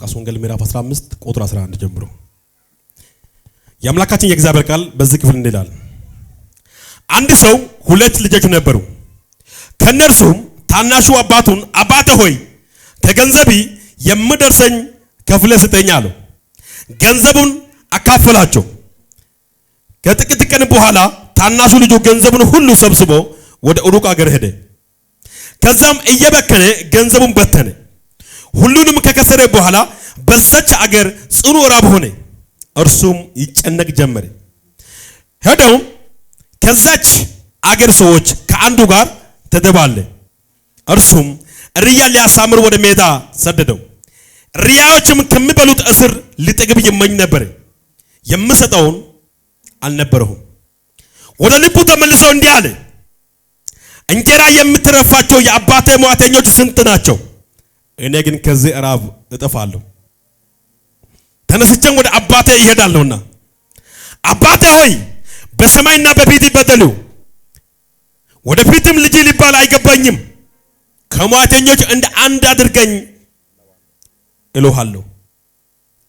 ሉቃስ ወንጌል ምዕራፍ 15 ቁጥር 11 ጀምሮ የአምላካችን የእግዚአብሔር ቃል በዚህ ክፍል እንላል። አንድ ሰው ሁለት ልጆች ነበሩ። ከእነርሱም ታናሹ አባቱን አባተ ሆይ ከገንዘቢ የምደርሰኝ ከፍለ ስጠኝ አለው። ገንዘቡን አካፈላቸው። ከጥቂት ቀን በኋላ ታናሹ ልጁ ገንዘቡን ሁሉ ሰብስቦ ወደ ሩቅ አገር ሄደ። ከዛም እየበከነ ገንዘቡን በተነ። ሁሉንም ከከሰረ በኋላ በዛች አገር ጽኑ ራብ ሆነ። እርሱም ይጨነቅ ጀመረ። ሄደውም ከዛች አገር ሰዎች ከአንዱ ጋር ተደባለ። እርሱም እርያ ሊያሳምር ወደ ሜዳ ሰደደው። እርያዎችም ከሚበሉት እስር ሊጠግብ ይመኝ ነበር፣ የምሰጠውን አልነበረሁም። ወደ ልቡ ተመልሰው እንዲህ አለ፣ እንጀራ የምትረፋቸው የአባቴ ሟተኞች ስንት ናቸው? እኔ ግን ከዚህ ራብ እጠፋለሁ። ተነስቼም ወደ አባቴ ይሄዳለሁና አባቴ ሆይ በሰማይና በፊት በደሉ ወደፊትም ልጅ ሊባል አይገባኝም። ከሟተኞች እንደ አንድ አድርገኝ እልሃለሁ።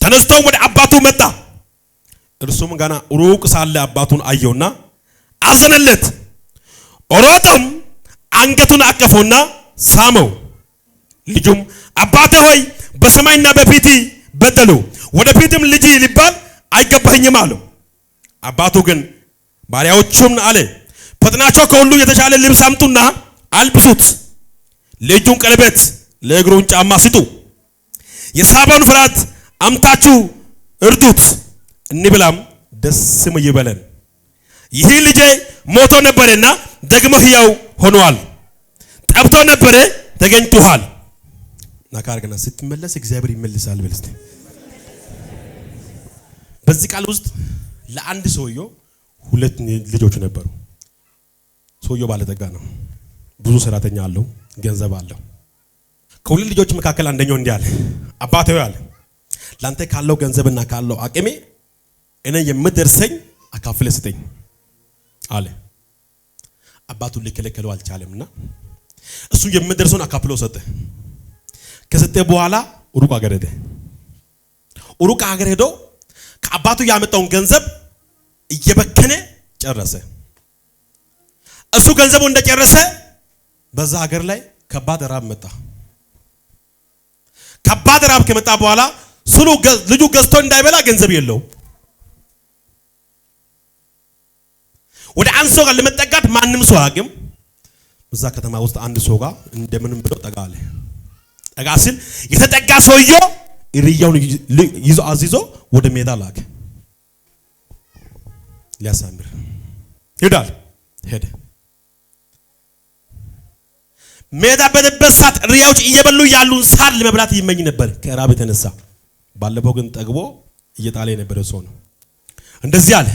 ተነስቶም ወደ አባቱ መጣ። እርሱም ገና ሩቅ ሳለ አባቱን አየውና አዘነለት። ሮጦም አንገቱን አቀፈውና ሳመው። ልጁም አባቴ ሆይ በሰማይና በፊት በደሉ፣ ወደፊትም ልጅ ሊባል አይገባኝም አለው። አባቱ ግን ባሪያዎቹም አለ ፈጥናቸው ከሁሉ የተሻለ ልብስ አምጡና አልብሱት፣ ለእጁን ቀለበት ለእግሩን ጫማ ስጡ፣ የሳባን ፍራት አምታችሁ እርዱት፣ እንብላም ደስም ይበለን። ይህ ልጄ ሞቶ ነበረና ደግሞ ሕያው ሆኗል፣ ጠብቶ ነበረ ተገኝቷል ናካርግና ስትመለስ እግዚአብሔር ይመልሳል ብል በዚህ ቃል ውስጥ ለአንድ ሰውየው ሁለት ልጆች ነበሩ። ሰውየው ባለጠጋ ነው፣ ብዙ ሰራተኛ አለው፣ ገንዘብ አለው። ከሁለት ልጆች መካከል አንደኛው እንዲህ አለ፣ አባቴ አለ ለአንተ ካለው ገንዘብና ካለው አቅሜ እኔ የምደርሰኝ አካፍለ ስጠኝ አለ። አባቱ ሊከለከለው አልቻለምና እሱ የምደርሰውን አካፍሎ ሰጠ። ከሰጠ በኋላ ሩቅ አገረደ ሄደ። ሩቅ ሀገር ሄዶ ከአባቱ ያመጣውን ገንዘብ እየበከነ ጨረሰ። እሱ ገንዘቡ እንደጨረሰ በዛ ሀገር ላይ ከባድ ራብ መጣ። ከባድ ራብ ከመጣ በኋላ ስሉ ልጁ ገዝቶ እንዳይበላ ገንዘብ የለው። ወደ አንድ ሰው ጋር ለመጠጋት ማንም ሰው አያውቅም። እዛ ከተማ ውስጥ አንድ ሰው ጋር እንደምንም ብሎ ጠጋ አለ። ጠጋ ሲል የተጠጋ ሰውየ እርያውን ይዞ አዚዞ ወደ ሜዳ ላከ። ሊያሳምር ሄዳል። ሄደ ሜዳ በነበረ ሰዓት እርያዎች እየበሉ ያሉን ሳር ለመብላት ይመኝ ነበር ከራብ የተነሳ። ባለፈው ግን ጠግቦ እየጣለ የነበረ ሰው ነው። እንደዚህ አለ።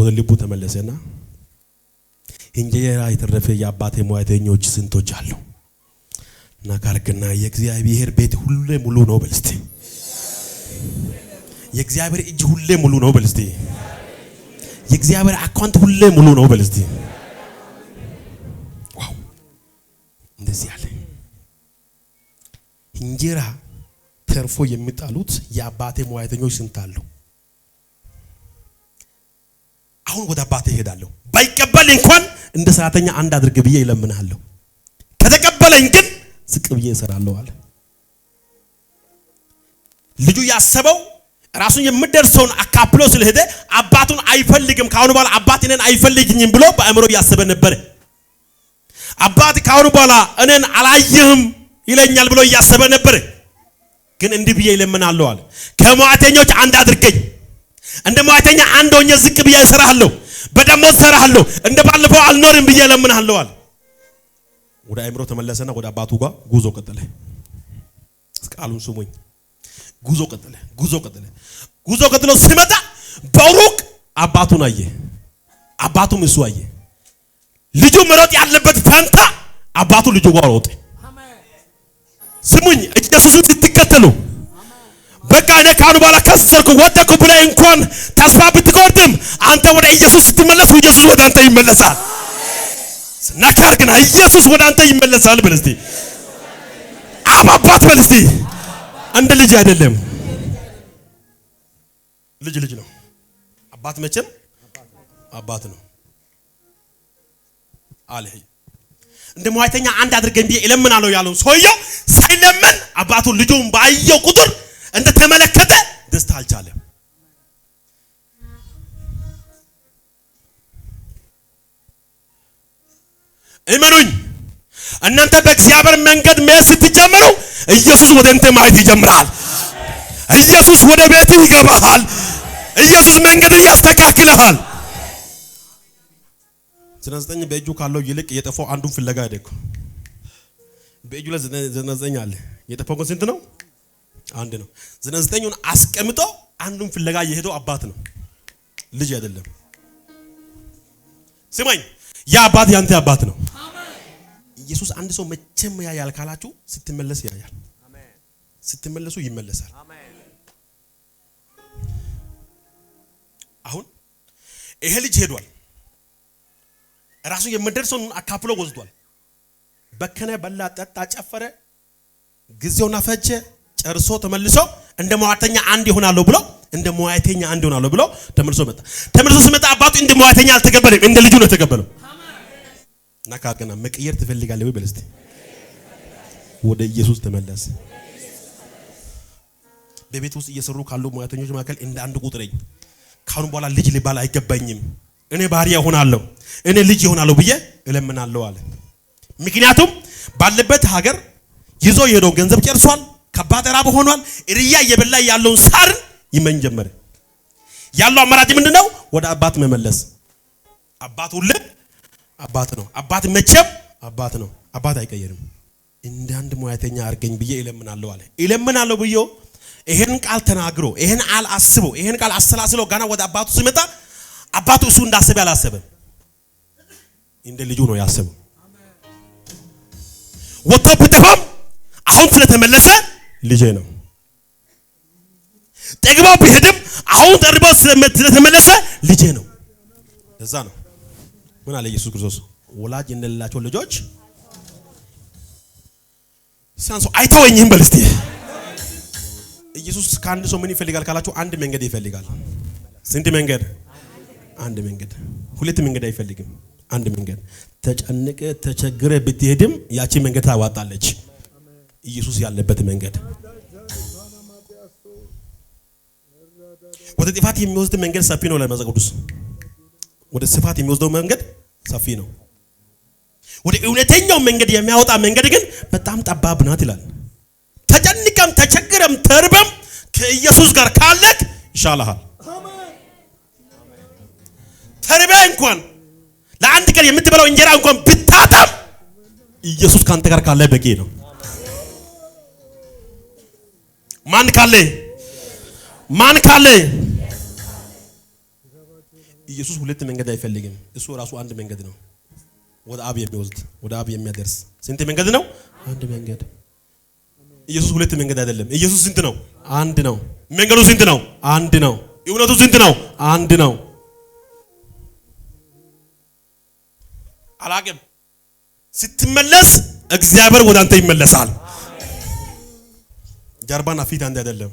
ወደ ልቡ ተመለሰና እንጀራ የተረፈ የአባቴ ሙያተኞች ስንቶች አሉ። እና የእግዚአብሔር ቤት ሁሌ ሙሉ ነው በል የእግዚአብሔር እጅ ሁሌ ሙሉ ነው በል የእግዚአብሔር አካውንት ሁሌ ሙሉ ነው በል ዋው! እንደዚህ ያለ እንጀራ ተርፎ የሚጣሉት የአባቴ ሙያተኞች ስንት አሉ? አሁን ወደ አባቴ እሄዳለሁ። ባይቀበል እንኳን እንደ ሰራተኛ አንድ አድርግ ብዬ ይለምናለሁ። ከተቀበለኝ ግን ዝቅ ብዬ እሰራለሁ አለ። ልጁ ያሰበው ራሱን የምደርሰውን አካፍሎ ስለሄደ አባቱን አይፈልግም፣ ከአሁኑ በኋላ አባት እኔን አይፈልግኝም ብሎ በአእምሮ እያሰበ ነበር። አባት ከአሁኑ በኋላ እኔን አላየህም ይለኛል ብሎ እያሰበ ነበር። ግን እንዲህ ብዬ ይለምናለሁ አለ ከሟተኞች አንድ አድርገኝ እንደ ሟተኛ አንድ ሆኜ ዝቅ ብዬ እሰራለሁ፣ በደሞዝ እሰራለሁ፣ እንደ ባለፈው አልኖርም ብዬ እለምናለሁ አለ። ወደ አይምሮ ተመለሰና ወደ አባቱ ጋር ጉዞ ቀጠለ። ቃሉን ስሙኝ። ጉዞ ቀጠለ። ጉዞ ቀጠለ። ጉዞ ቀጥሎ ሲመጣ በሩቅ አባቱን አየ። አባቱም እሱ አየ። ልጁ መሮጥ ያለበት ፈንታ አባቱ ልጁ ጋር ሮጠ። ስሙኝ ኢየሱስን ስትከተሉ በቃ እኔ ካሁን በኋላ ከሰርኩ ወደኩ ብለህ እንኳን ተስፋ ብትቆርጥም አንተ ወደ ኢየሱስ ስትመለስ ኢየሱስ ወደ አንተ ይመለሳል። ነካር ግን ኢየሱስ ወደ አንተ ይመለሳል። በል እስቲ አብ በል እስቲ ልጅ አይደለም። ልጅ ልጅ ነው። አባት መቼም አባት ነው አለ። እንደ ሟይተኛ አንድ አድርገን ብዬ እለምናለሁ ሰውየው ሳይለምን አባቱ ልጁን ባየው ቁጥር እንደተመለከተ ደስታ አልቻለም። እመኑኝ እናንተ በእግዚአብሔር መንገድ መሄድ ስትጀምሩ ኢየሱስ ወደ እንተ ማየት ይጀምራል። ኢየሱስ ወደ ቤት ይገባሃል። ኢየሱስ መንገድ ያስተካክልሃል። ዘጠና ዘጠኝ በእጁ ካለው ይልቅ የጠፋው አንዱን ፍለጋ አይደለም። በእጁ ላይ ዘጠና ዘጠኝ አለ። የጠፋው ግን ስንት ነው? አንድ ነው። ዘጠኙን አስቀምጦ አንዱን ፍለጋ የሄደው አባት ነው፣ ልጅ አይደለም። ስማኝ፣ ያ አባት ያንተ አባት ነው። ኢየሱስ አንድ ሰው መቼም ያያል ካላችሁ ስትመለስ ያያል፣ ስትመለሱ ይመለሳል። አሁን ይሄ ልጅ ሄዷል። ራሱ የምደርሰውን አካፍሎ ወስዷል። በከነ፣ በላ፣ ጠጣ፣ ጨፈረ፣ ጊዜውና ፈጀ። ጨርሶ ተመልሶ እንደ መዋተኛ አንድ ይሆናለሁ ብሎ እንደ መዋተኛ አንድ ይሆናለሁ ብሎ ተመልሶ መጣ። ተመልሶ ሲመጣ አባቱ እንደ መዋተኛ አልተቀበለም፣ እንደ ልጁ ነው የተቀበለው። እና ካርገና መቀየር ትፈልጋለህ ወይ? በለስቲ ወደ ኢየሱስ ተመለስ። በቤት ውስጥ እየሰሩ ካሉ ሙያተኞች መካከል እንደ አንድ ቁጥረኝ ካሁን በኋላ ልጅ ሊባል አይገባኝም፣ እኔ ባሪያ እሆናለሁ፣ እኔ ልጅ ይሆናለሁ ብዬ እለምናለሁ አለ። ምክንያቱም ባለበት ሀገር ይዞ የሄደውን ገንዘብ ጨርሷል። ከባድ ራብ ሆኗል። እርያ እየበላ ያለውን ሳር ይመኝ ጀመረ። ያለው አማራጭ ምንድነው? ወደ አባት መመለስ። አባት ሁሌ አባት ነው። አባት መቼም አባት ነው። አባት አይቀየርም። እንደ አንድ ሙያተኛ አርገኝ ብዬ እለምናለሁ አለ። እለምናለሁ ብዬ ይሄን ቃል ተናግሮ ይሄን አል አስቦ ይሄን ቃል አሰላስሎ ጋና ወደ አባቱ ሲመጣ አባቱ እሱ እንዳሰበ አላሰበም። እንደ ልጁ ነው ያሰበው። ወጥቶ ቢጠፋም አሁን ስለተመለሰ ልጄ ነው። ጠግባው ቢሄድም አሁን ጠርቦ ስለተመለሰ ልጄ ነው። እዛ ነው ምን አለ ኢየሱስ ክርስቶስ ወላጅ እንደሌላቸው ልጆች ሲያንሱ አይተወኝም በል እስቲ። ኢየሱስ ከአንድ ሰው ምን ይፈልጋል ካላችሁ፣ አንድ መንገድ ይፈልጋል። ስንት መንገድ? አንድ መንገድ። ሁለት መንገድ አይፈልግም። አንድ መንገድ። ተጨንቀ ተቸግረ ብትሄድም ያቺ መንገድ ታዋጣለች። ኢየሱስ ያለበት መንገድ ወደ ጥፋት የሚወስድ መንገድ ሰፊ ነው። ለመጽሐፍ ቅዱስ ወደ ስፋት የሚወስደው መንገድ ሰፊ ነው። ወደ እውነተኛው መንገድ የሚያወጣ መንገድ ግን በጣም ጠባብ ናት ይላል። ተጨንቀም ተቸግረም ተርበም ከኢየሱስ ጋር ካለክ ይሻልሃል። ተርበ እንኳን ለአንድ ቀን የምትበላው እንጀራ እንኳን ብታጣም ኢየሱስ ካንተ ጋር ካለ በቂ ነው። ማን ካለ ማን ካለ ኢየሱስ ሁለት መንገድ አይፈልግም። እሱ ራሱ አንድ መንገድ ነው፣ ወደ አብ የሚወስድ ወደ አብ የሚያደርስ። ስንት መንገድ ነው? አንድ መንገድ። ኢየሱስ ሁለት መንገድ አይደለም። ኢየሱስ ስንት ነው? አንድ ነው። መንገዱ ስንት ነው? አንድ ነው። እውነቱ ስንት ነው? አንድ ነው። አላቅም ስትመለስ እግዚአብሔር ወደ አንተ ይመለሳል። ጀርባና ፊት አንድ አይደለም።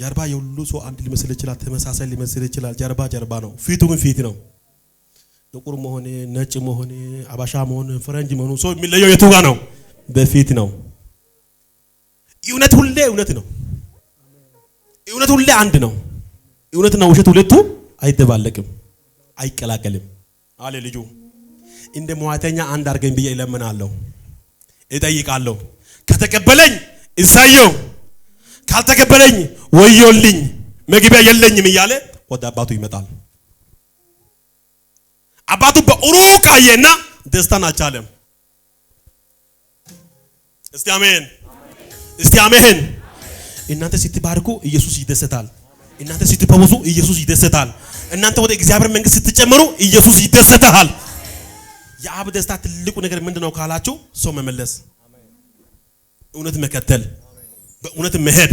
ጀርባ የሁሉ ሰው አንድ ሊመስል ይችላል፣ ተመሳሳይ ሊመስል ይችላል። ጀርባ ጀርባ ነው፣ ፊቱ ግን ፊት ነው። ጥቁር መሆን፣ ነጭ መሆን፣ አባሻ መሆን፣ ፈረንጅ መሆኑ ሰው የሚለየው የቱ ጋ ነው? በፊት ነው። እውነት ሁሌ እውነት ነው። እውነት ሁሌ አንድ ነው። እውነትና ውሸት ሁለቱ አይደባለቅም፣ አይቀላቀልም አለ ልጁ። እንደ መዋተኛ አንድ አድርገኝ ብዬ እለምናለሁ፣ እጠይቃለሁ። ከተቀበለኝ እሳየው ካልተገበረኝ ወዮልኝ መግቢያ የለኝም እያለ ወደ አባቱ ይመጣል። አባቱ በሩቅ አየና ደስታን አቻለም። እስቲ አሜን፣ እስቲ አሜን። እናንተ ስትባርኩ ኢየሱስ ይደሰታል። እናንተ ስትፈወሱ ኢየሱስ ይደሰታል። እናንተ ወደ እግዚአብሔር መንግስት ስትጨምሩ ኢየሱስ ይደሰታል። የአብ ደስታ ትልቁ ነገር ምንድነው ካላችሁ ሰው መመለስ፣ እውነት መከተል በእውነት መሄድ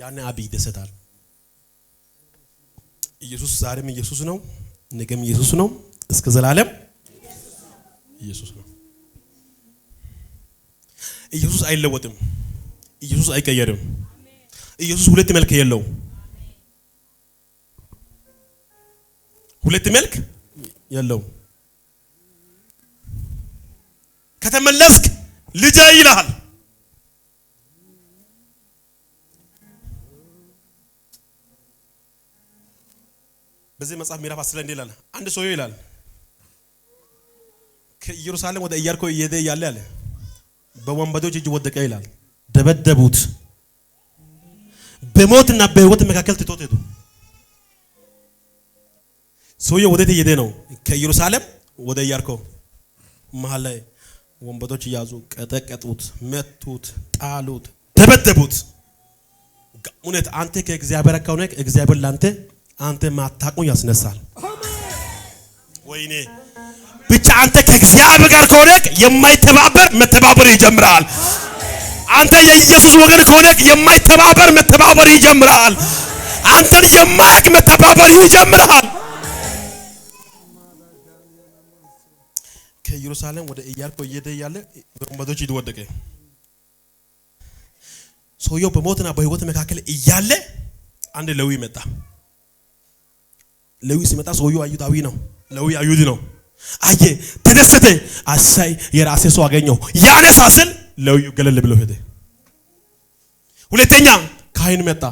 ያኔ አብ ይደሰታል። ኢየሱስ ዛሬም ኢየሱስ ነው፣ ነገም ኢየሱስ ነው፣ እስከ ዘላለም ኢየሱስ ነው። ኢየሱስ አይለወጥም። ኢየሱስ አይቀየርም። ኢየሱስ ሁለት መልክ የለው። ሁለት መልክ የለው። ከተመለስክ ልጄ ይልሃል። በዚህ መጽሐፍ ምዕራፍ አስር ላይ እንዲህ ይላል። አንድ ሰውዬው ይላል ከኢየሩሳሌም ወደ ኢያሪኮ እየሄደ እያለ ያለ በወንበዶች እጅ ወደቀ ይላል። ደበደቡት፣ በሞትና በህይወት መካከል ትቶት ሄዱ። ሰውየ ወዴት እየሄደ ነው? ከኢየሩሳሌም ወደ ኢያሪኮ። መሀል ላይ ወንበዴዎች እያዙ ቀጠቀጡት፣ መቱት፣ ጣሉት፣ ደበደቡት። እውነት አንተ ከእግዚአብሔር ከሆነ እግዚአብሔር ላንተ አንተ ማታቆኝ ያስነሳል። ወይኔ ብቻ አንተ ከእግዚአብሔር ጋር ከሆነ የማይተባበር መተባበር ይጀምራል። አንተ የኢየሱስ ወገን ከሆነ የማይተባበር መተባበር ይጀምራል። አንተን የማያውቅ መተባበር ይጀምራል። ከኢየሩሳሌም ወደ ኢያሪኮ እየሄደ ያለ ወንበዶች እጅ ሰውየው በሞትና በሕይወት መካከል እያለ አንድ ለዊ መጣ። ሌዊ ሲመጣ ሰውየው አይሁዳዊ ነው። ሌዊ አይሁድ ነው። አየ ተደሰተ። አሳይ የራሴ ሰው አገኘው ያነሳ ስል ሌዊ ገለል ብሎ ሄደ። ሁለተኛ ካህን መጣ።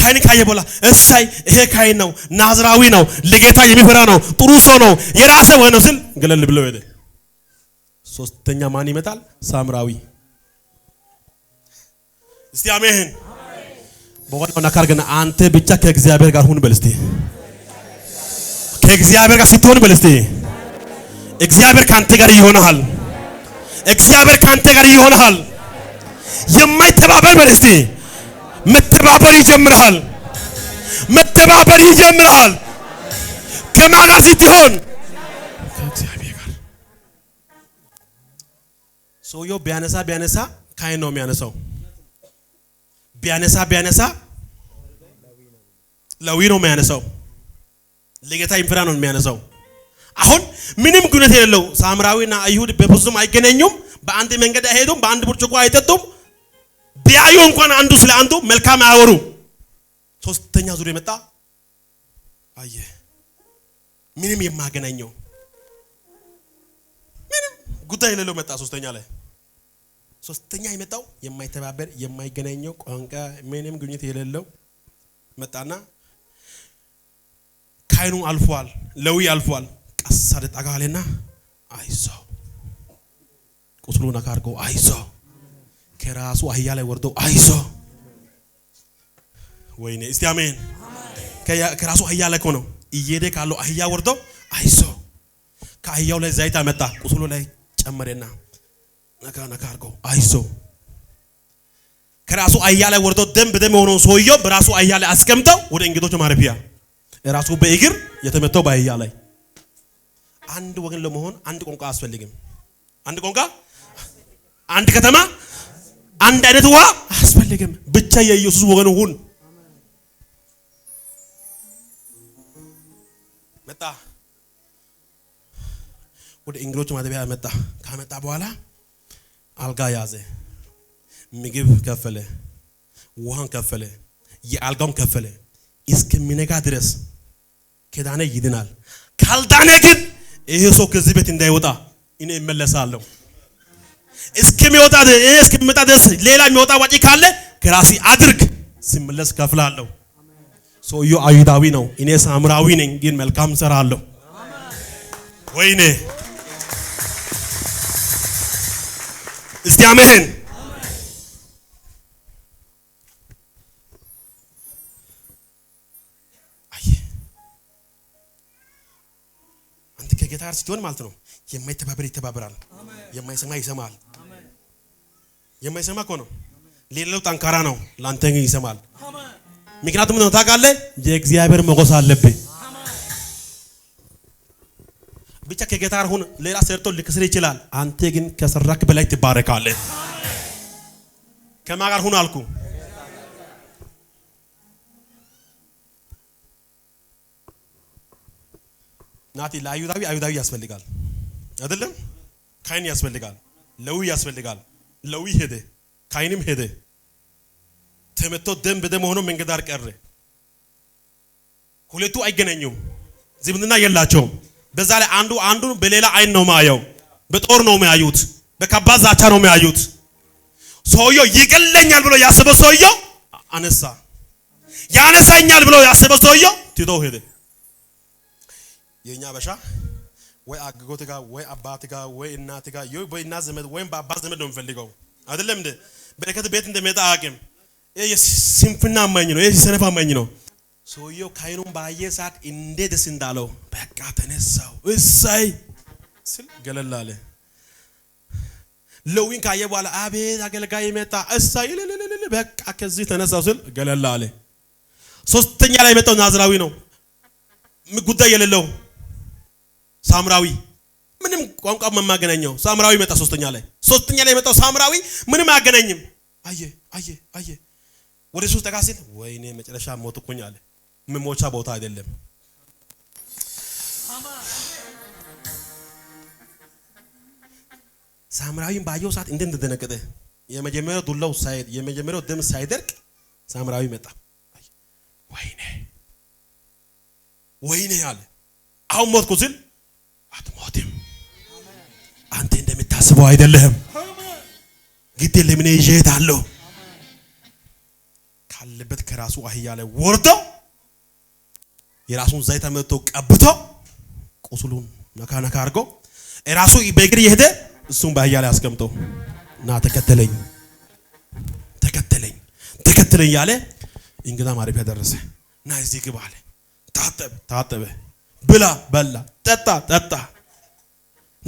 ካህን ካየ በኋላ እሳይ ይሄ ካህን ነው፣ ናዝራዊ ነው፣ ለጌታ የሚፈራ ነው፣ ጥሩ ሰው ነው፣ የራሴ ወገን ነው ስል ገለል ብሎ ሄደ። ሶስተኛ ማን ይመጣል? ሳምራዊ። እስቲ አሜን በሆነው ነገር ግን አንተ ብቻ ከእግዚአብሔር ጋር ሁን በል ከእግዚአብሔር ጋር ስትሆን በል እግዚአብሔር ካንተ ጋር ይሆናል። እግዚአብሔር ካንተ ጋር ይሆናል። የማይተባበር በል መተባበር ይጀምራል። መተባበር ይጀምራል። ከማላ ስትሆን ከእግዚአብሔር ጋር ሰውየው ቢያነሳ ቢያነሳ ካይን ነው የሚያነሳው ቢያነሳ ቢያነሳ ለዊ ነው የሚያነሳው፣ ለጌታ ይንፍራ ነው የሚያነሳው። አሁን ምንም ግንኙነት የሌለው ሳምራዊና አይሁድ በብዙም አይገናኙም። በአንድ መንገድ አይሄዱም። በአንድ ብርጭቆ አይጠጡም። ቢያዩ እንኳን አንዱ ስለ አንዱ መልካም አያወሩ። ሶስተኛ ዙር የመጣ አየ ምንም የማገናኘው ምንም ጉዳይ የሌለው መጣ። ሶስተኛ ላይ ሶስተኛ የመጣው የማይተባበር የማይገናኘው ቋንቋ ምንም ግንኙነት የሌለው መጣና ካይኑ አልፏል፣ ለዊ አልፏል። ቀስ አለ ጠጋ አይዞ ቁስሉ ነካ አይዞ ከራሱ አህያ ላይ ወርዶ አይዞ ወይኔ እስቲ አሜን። ከራሱ አህያ ላይ ነው እየሄደ ካለው አህያ ወርዶ አይዞ ከአህያው ላይ ዘይት አመጣ ቁስሉ ላይ ጨመረና ነካ ነካ አድርጎ አይዞ ከራሱ አህያ ላይ ወርዶ ደም በደም የሆነው ሰውየው በራሱ አህያ ላይ አስቀምጠው ወደ እንግዶች ማረፊያ ራሱ በእግር የተመተው በአህያ ላይ። አንድ ወገን ለመሆን አንድ ቋንቋ አስፈልግም። አንድ ቋንቋ፣ አንድ ከተማ፣ አንድ አይነት ውሃ አያስፈልግም። ብቻ የኢየሱስ ወገን ሁን። መጣ ወደ እንግዶች ማደቢያ መጣ። ካመጣ በኋላ አልጋ ያዘ፣ ምግብ ከፈለ፣ ውሃን ከፈለ፣ የአልጋውን ከፈለ እስከሚነጋ ድረስ ከዳነ ይድናል። ካልዳነ ግን ይሄ ሰው ከዚህ ቤት እንዳይወጣ እኔ እመለሳለሁ። እስከሚወጣ እስከሚመጣ ድረስ ሌላ የሚወጣ ወጪ ካለ ከራሴ አድርግ፣ ሲመለስ ከፍላለሁ። ሰውየው አይሁዳዊ ነው፣ እኔ ሳምራዊ ነኝ፣ ግን መልካም ሰራለሁ። ወይኔ እስቲ አሜን። ተጋር ሲሆን ማለት ነው። የማይተባበር ይተባበራል፣ የማይሰማ ይሰማል። የማይሰማ እኮ ነው ሌላው ጠንካራ ነው፣ ላንተ ግን ይሰማል። ምክንያቱም ነው ታውቃለህ፣ የእግዚአብሔር መጎስ አለብህ። ብቻ ከጌታ ጋር ሁን። ሌላ ሰርቶ ልክስር ይችላል። አንተ ግን ከሰራክ በላይ ትባረካለህ። ከማጋር ጋር ሁን አልኩ? ናቲ ለአይሁዳዊ አይሁዳዊ ያስፈልጋል አይደለም? ካይን ያስፈልጋል፣ ለዊ ያስፈልጋል። ለዊ ሄደ፣ ካይንም ሄደ። ተመቶ ደም በደም ሆኖ መንገድ ዳር ቀረ። ሁለቱ አይገናኙም፣ ዝምድና የላቸውም። በዛ ላይ አንዱ አንዱ በሌላ አይን ነው ማየው፣ በጦር ነው የሚያዩት፣ በከባድ ዛቻ ነው የሚያዩት። ሰውየው ይገለኛል ብሎ ያስበው ሰውየው አነሳ፣ ያነሳኛል ብሎ ያሰበ ሰውየው ትቶ ሄደ። የኛ በሻ ወይ አጎት ጋር ወይ አባት ጋር ወይ እናት ጋር ወይ በእናት ዘመድ ወይም በአባት ዘመድ ነው የሚፈልገው አይደለም እንዴ? በረከት ቤት እንደሚመጣ አያውቅም። የስንፍና አማኝ ነው። የሰነፍ አማኝ ነው። ሰውየው ካይኑን ባየ ሰዓት እንዴት ደስ እንዳለው በቃ ተነሳው እሳይ ስል ገለል ለዊን ካየ በኋላ አቤት አገልጋይ መጣ እሳይ ለለለለ በቃ ከዚህ ተነሳው ስል ገለል ሶስተኛ ላይ የመጣው ናዝራዊ ነው ጉዳይ የሌለው ሳምራዊ ምንም ቋንቋ የማገናኘው ሳምራዊ መጣ። ሶስተኛ ላይ ሶስተኛ ላይ የመጣው ሳምራዊ ምንም አያገናኝም። አየ አየ አየ ወደ ሱስ ጠጋ ሲል ወይኔ መጨረሻ ሞትኩኝ አለ። መሞቻ ቦታ አይደለም። ሳምራዊን ባየው ሰዓት እንዴት እንደደነገጠ የመጀመሪያው ዱላው ሳይድ የመጀመሪያው ደም ሳይደርቅ ሳምራዊ መጣ። ወይኔ ወይኔ አለ አሁን ሞትኩ ሲል አንተ እንደምታስበው አይደለህም። ግዴ ለምን ይዤት አለው ካለበት ከራሱ አህያ ላይ ወርዶ የራሱን ዘይት መጥቶ ቀብቶ ቁስሉን ነካ ነካ አድርጎ ራሱ በእግር የሄደ እሱም በአህያ ላይ አስቀምጦ ና ተከተለኝ፣ ተከተለኝ፣ ተከተለኝ ያለ እንግዳ ማረፊያ ደረሰ። ና እዚህ ግባ አለ። ታጠበ፣ ታጠበ፣ ብላ በላ፣ ጠጣ፣ ጠጣ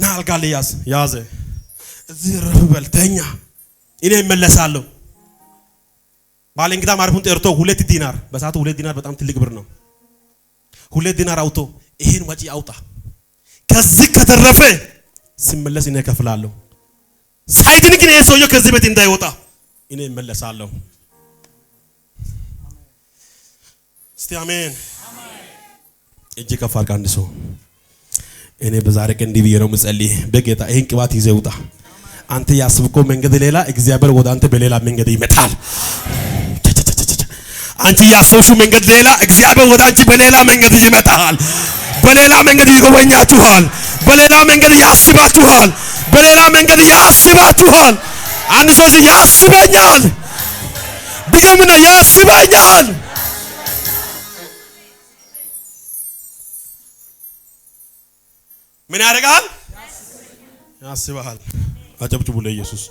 ና አልጋ ላይ ያዝ ያዘ። እዚህ ረፍ በል ተኛ፣ እኔ እመለሳለሁ። ባለንግዳ ማረፉን ጠርቶ ሁለት ዲናር በሰዓቱ ሁለት ዲናር በጣም ትልቅ ብር ነው። ሁለት ዲናር አውቶ ይሄን ወጪ አውጣ፣ ከዚህ ከተረፈ ሲመለስ እኔ እከፍላለሁ። ሳይድን ግን ይሄ ሰውዬው ከዚህ ቤት እንዳይወጣ እኔ እመለሳለሁ። እስቲ አሜን። እጅ ከፍ አድርግ አንድ ሰው እኔ በዛሬ ቀን እንዲህ ብዬ ነው የምጸልይ። በጌታ ይህን ቅባት ይዘህ ውጣ። አንተ ያስብከው መንገድ ሌላ፣ እግዚአብሔር ወደ አንተ በሌላ መንገድ ይመጣል። አንቺ ያሰብሽው መንገድ ሌላ፣ እግዚአብሔር ወደ አንቺ በሌላ መንገድ ይመጣል። በሌላ መንገድ ይጎበኛችኋል። በሌላ መንገድ ያስባችኋል። በሌላ መንገድ ያስባችኋል። አንድ ሰው ያስበኛል ብዬ ምን ያስበኛል ምን ያደርጋል? ያስባል አጨብጭቡ ለኢየሱስ።